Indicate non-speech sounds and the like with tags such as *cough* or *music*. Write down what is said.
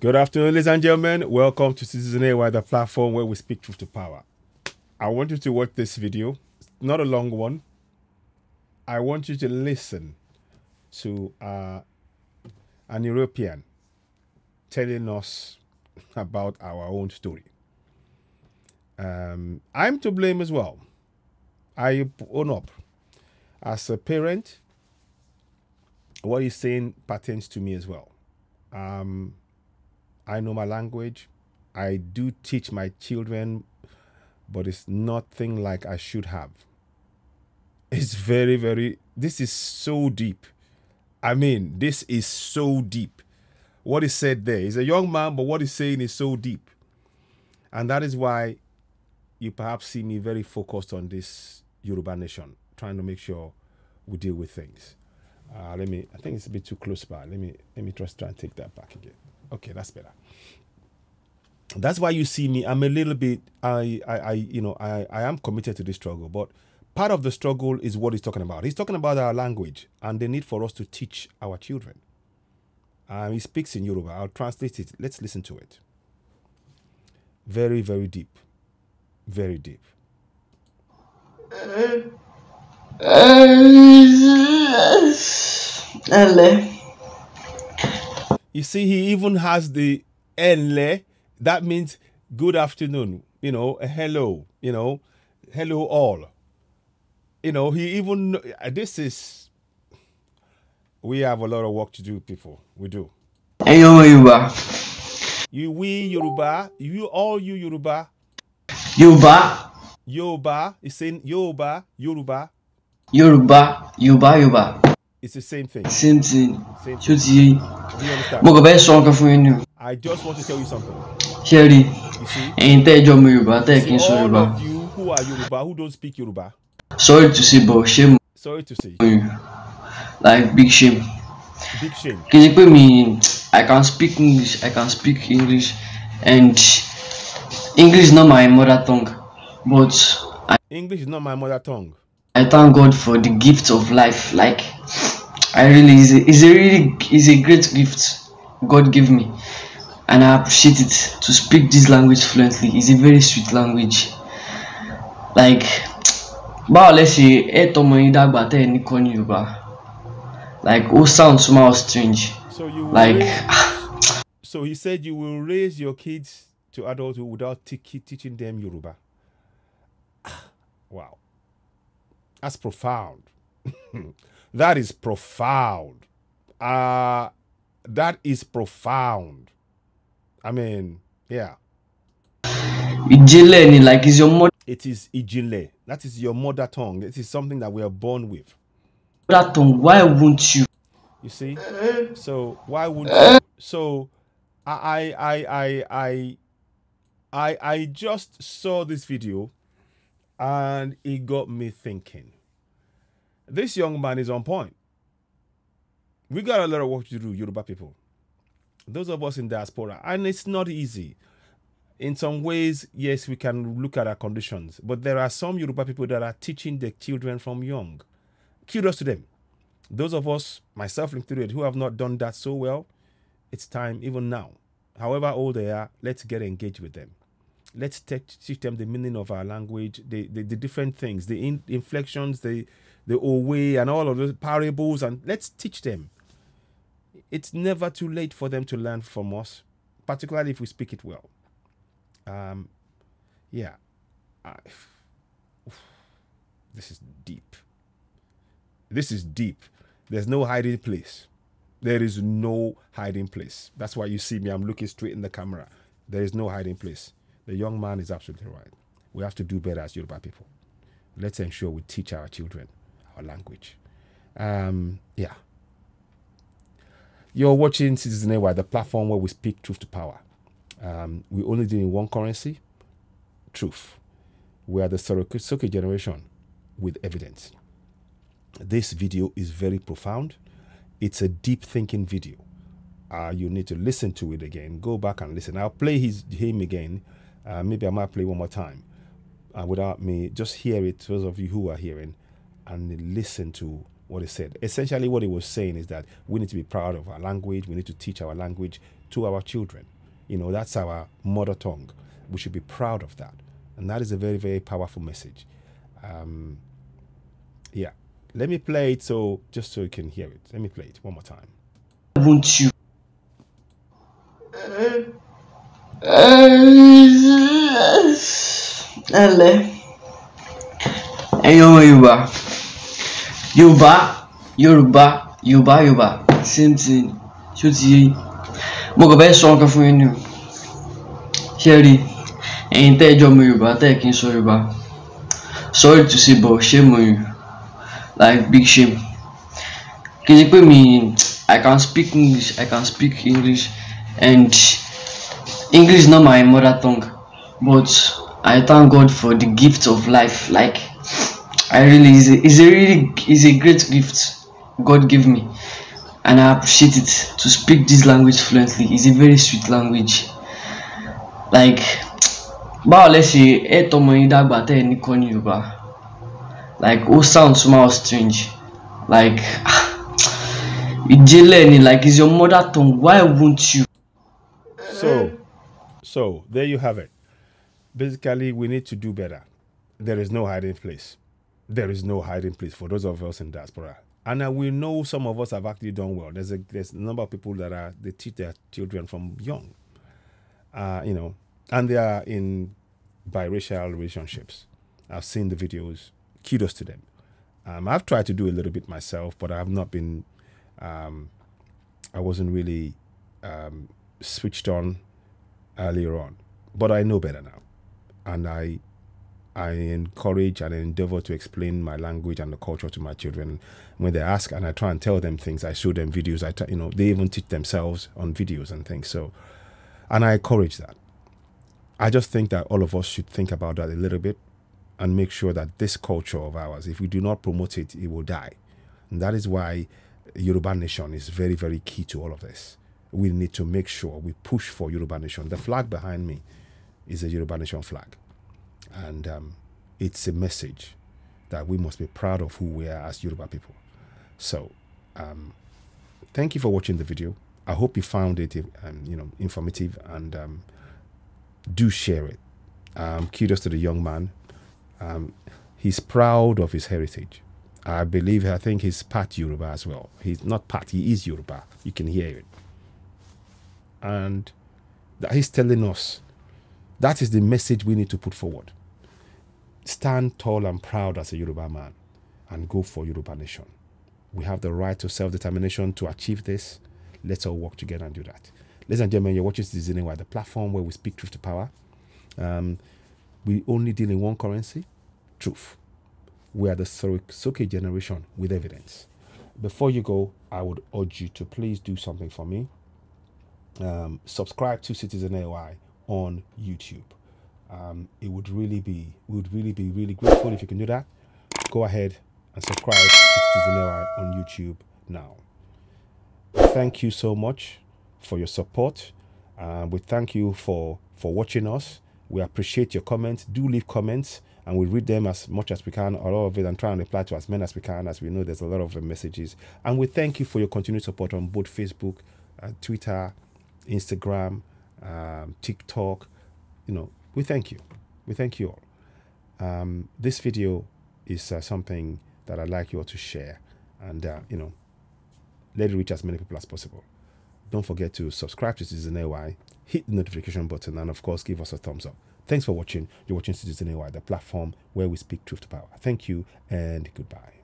Good afternoon, ladies and gentlemen. Welcome to Citizen AI, the platform where we speak truth to power. I want you to watch this video. It's not a long one. I want you to listen to uh, an European telling us *laughs* about our own story. Um, I'm to blame as well. I own up. As a parent, what he's saying pertains to me as well. Um, I know my language. I do teach my children, but it's nothing like I should have. It's very, very, this is so deep. I mean, this is so deep. What is said there is a young man, but what he's saying is so deep. And that is why you perhaps see me very focused on this Yoruba nation, trying to make sure we deal with things. Uh, let me, I think it's a bit too close, but let me, let me just try and take that back again. Okay, that's better. That's why you see me. I'm a little bit. I, I, I you know, I, I am committed to this struggle, but part of the struggle is what he's talking about. He's talking about our language and the need for us to teach our children. Um, he speaks in Yoruba. I'll translate it. Let's listen to it. Very, very deep. Very deep. Eh? Eh? Eh? You see, he even has the enle. That means good afternoon, you know, hello, you know, hello all. You know, he even, uh, this is, we have a lot of work to do, people. We do. Hey, Yoruba. You, we, Yoruba, you, all you, Yoruba. Yoruba. Yoruba. It's saying Yoruba, Yoruba. Yoruba, Yoruba, Yoruba. It's the same thing. Same thing. Same thing. Do you understand? Mo kàn fẹ́ sọ nǹkan fún I just want to tell you something. Ṣé rí? Ẹ̀yin tẹ́ ìjọ ọmọ Yorùbá tẹ́ kí n sọ you who are Yoruba? who don't speak Yoruba? Sorry to say but shame. Sorry to say. Like big shame. Big shame. Kì í ṣe pé mi I can speak English I can speak English and English is not my mother tongue but. I... English is not my mother tongue. I thank God for the gift of life. Like I really is a, a really is a great gift God gave me, and I appreciate it. To speak this language fluently is a very sweet language. Like báwo lẹ ṣe ẹ tọmọ yín dàgbà tẹ ní kon Yorùbá like ó sound somehow strange so like. Raise, ah. so he said you will raise your kids to adulthood without teaching them Yoruba. Ah, wow. That's profound. *laughs* that is profound. Uh, that is profound. I mean, yeah. like, is your mother? It is Ijinle. That is your mother tongue. It is something that we are born with. Mother tongue. Why won't you? You see. So why won't you? So, I, I, I, I, I, I just saw this video and it got me thinking. This young man is on point. We got a lot of work to do, Yoruba people. Those of us in diaspora, and it's not easy. In some ways, yes, we can look at our conditions, but there are some Yoruba people that are teaching their children from young. Kudos to them. Those of us, myself included, who have not done that so well, it's time even now. However old they are, let's get engaged with them let's teach teach them the meaning of our language, the, the, the different things, the in- inflections, the the way and all of the parables, and let's teach them. It's never too late for them to learn from us, particularly if we speak it well. Um, yeah, I, oof, this is deep. This is deep. There's no hiding place. There is no hiding place. That's why you see me. I'm looking straight in the camera. There is no hiding place. The young man is absolutely right. We have to do better as Yoruba people. Let's ensure we teach our children our language. Um, yeah. You're watching Citizen AY, the platform where we speak truth to power. Um, we only deal in one currency, truth. We are the Sorokosuke generation with evidence. This video is very profound. It's a deep thinking video. Uh, you need to listen to it again. Go back and listen. I'll play his him again uh, maybe I might play one more time uh, without me. Just hear it, those of you who are hearing, and listen to what it said. Essentially, what he was saying is that we need to be proud of our language. We need to teach our language to our children. You know, that's our mother tongue. We should be proud of that. And that is a very, very powerful message. Um, yeah. Let me play it so just so you can hear it. Let me play it one more time. will you? Eh? ẹlẹ ẹ̀yin ọmọ yorùbá yorùbá yorùbá yorùbá yorùbá same thing ṣó ti yé mo kàn fẹ́ sọ nǹkan fún yín ni o ṣe rí ẹ̀yin tẹ́ ẹ sorry to see but shame on you like big shame kì you ṣe me? i can't speak english i can't speak english and. English is not my mother tongue, but I thank God for the gift of life. Like, I really is a, is a really is a great gift God gave me, and I appreciate it to speak this language fluently. It's a very sweet language. Like, báwo lẹ ṣe ẹ tọmọ yín tẹ ní kọ́ like ó sounds somehow strange like ah, it's like is your mother tongue why won't you. so. So there you have it. Basically, we need to do better. There is no hiding place. There is no hiding place for those of us in diaspora. And uh, we know some of us have actually done well. There's a there's a number of people that are they teach their children from young, uh, you know, and they are in biracial relationships. I've seen the videos. Kudos to them. Um, I've tried to do a little bit myself, but I've not been. Um, I wasn't really um, switched on earlier on. But I know better now. And I I encourage and endeavor to explain my language and the culture to my children. When they ask and I try and tell them things, I show them videos. I, you know, they even teach themselves on videos and things. So, and I encourage that. I just think that all of us should think about that a little bit and make sure that this culture of ours, if we do not promote it, it will die. And that is why Yoruba Nation is very, very key to all of this we need to make sure we push for Yoruba Nation. The flag behind me is a Yoruba Nation flag. And um, it's a message that we must be proud of who we are as Yoruba people. So, um, thank you for watching the video. I hope you found it, um, you know, informative and um, do share it. Um, kudos to the young man. Um, he's proud of his heritage. I believe, I think he's part Yoruba as well. He's not part, he is Yoruba. You can hear it and that he's telling us that is the message we need to put forward. Stand tall and proud as a Yoruba man and go for Yoruba nation. We have the right to self-determination to achieve this. Let's all work together and do that. Ladies and gentlemen, you're watching Citizen Wide, the platform where we speak truth to power. Um, we only deal in one currency, truth. We are the Soke generation with evidence. Before you go, I would urge you to please do something for me um, subscribe to Citizen AI on YouTube. Um, it would really be we would really be really grateful if you can do that. Go ahead and subscribe to Citizen AI on YouTube now. Thank you so much for your support. we thank you for for watching us. We appreciate your comments. Do leave comments and we read them as much as we can, A lot of it, and try and reply to as many as we can, as we know there's a lot of messages. And we thank you for your continued support on both Facebook, and uh, Twitter, Instagram, um, TikTok. You know, we thank you. We thank you all. Um, this video is uh, something that I'd like you all to share and, uh, you know, let it reach as many people as possible. Don't forget to subscribe to Citizen AY, hit the notification button, and of course, give us a thumbs up. Thanks for watching. You're watching Citizen AY, the platform where we speak truth to power. Thank you and goodbye.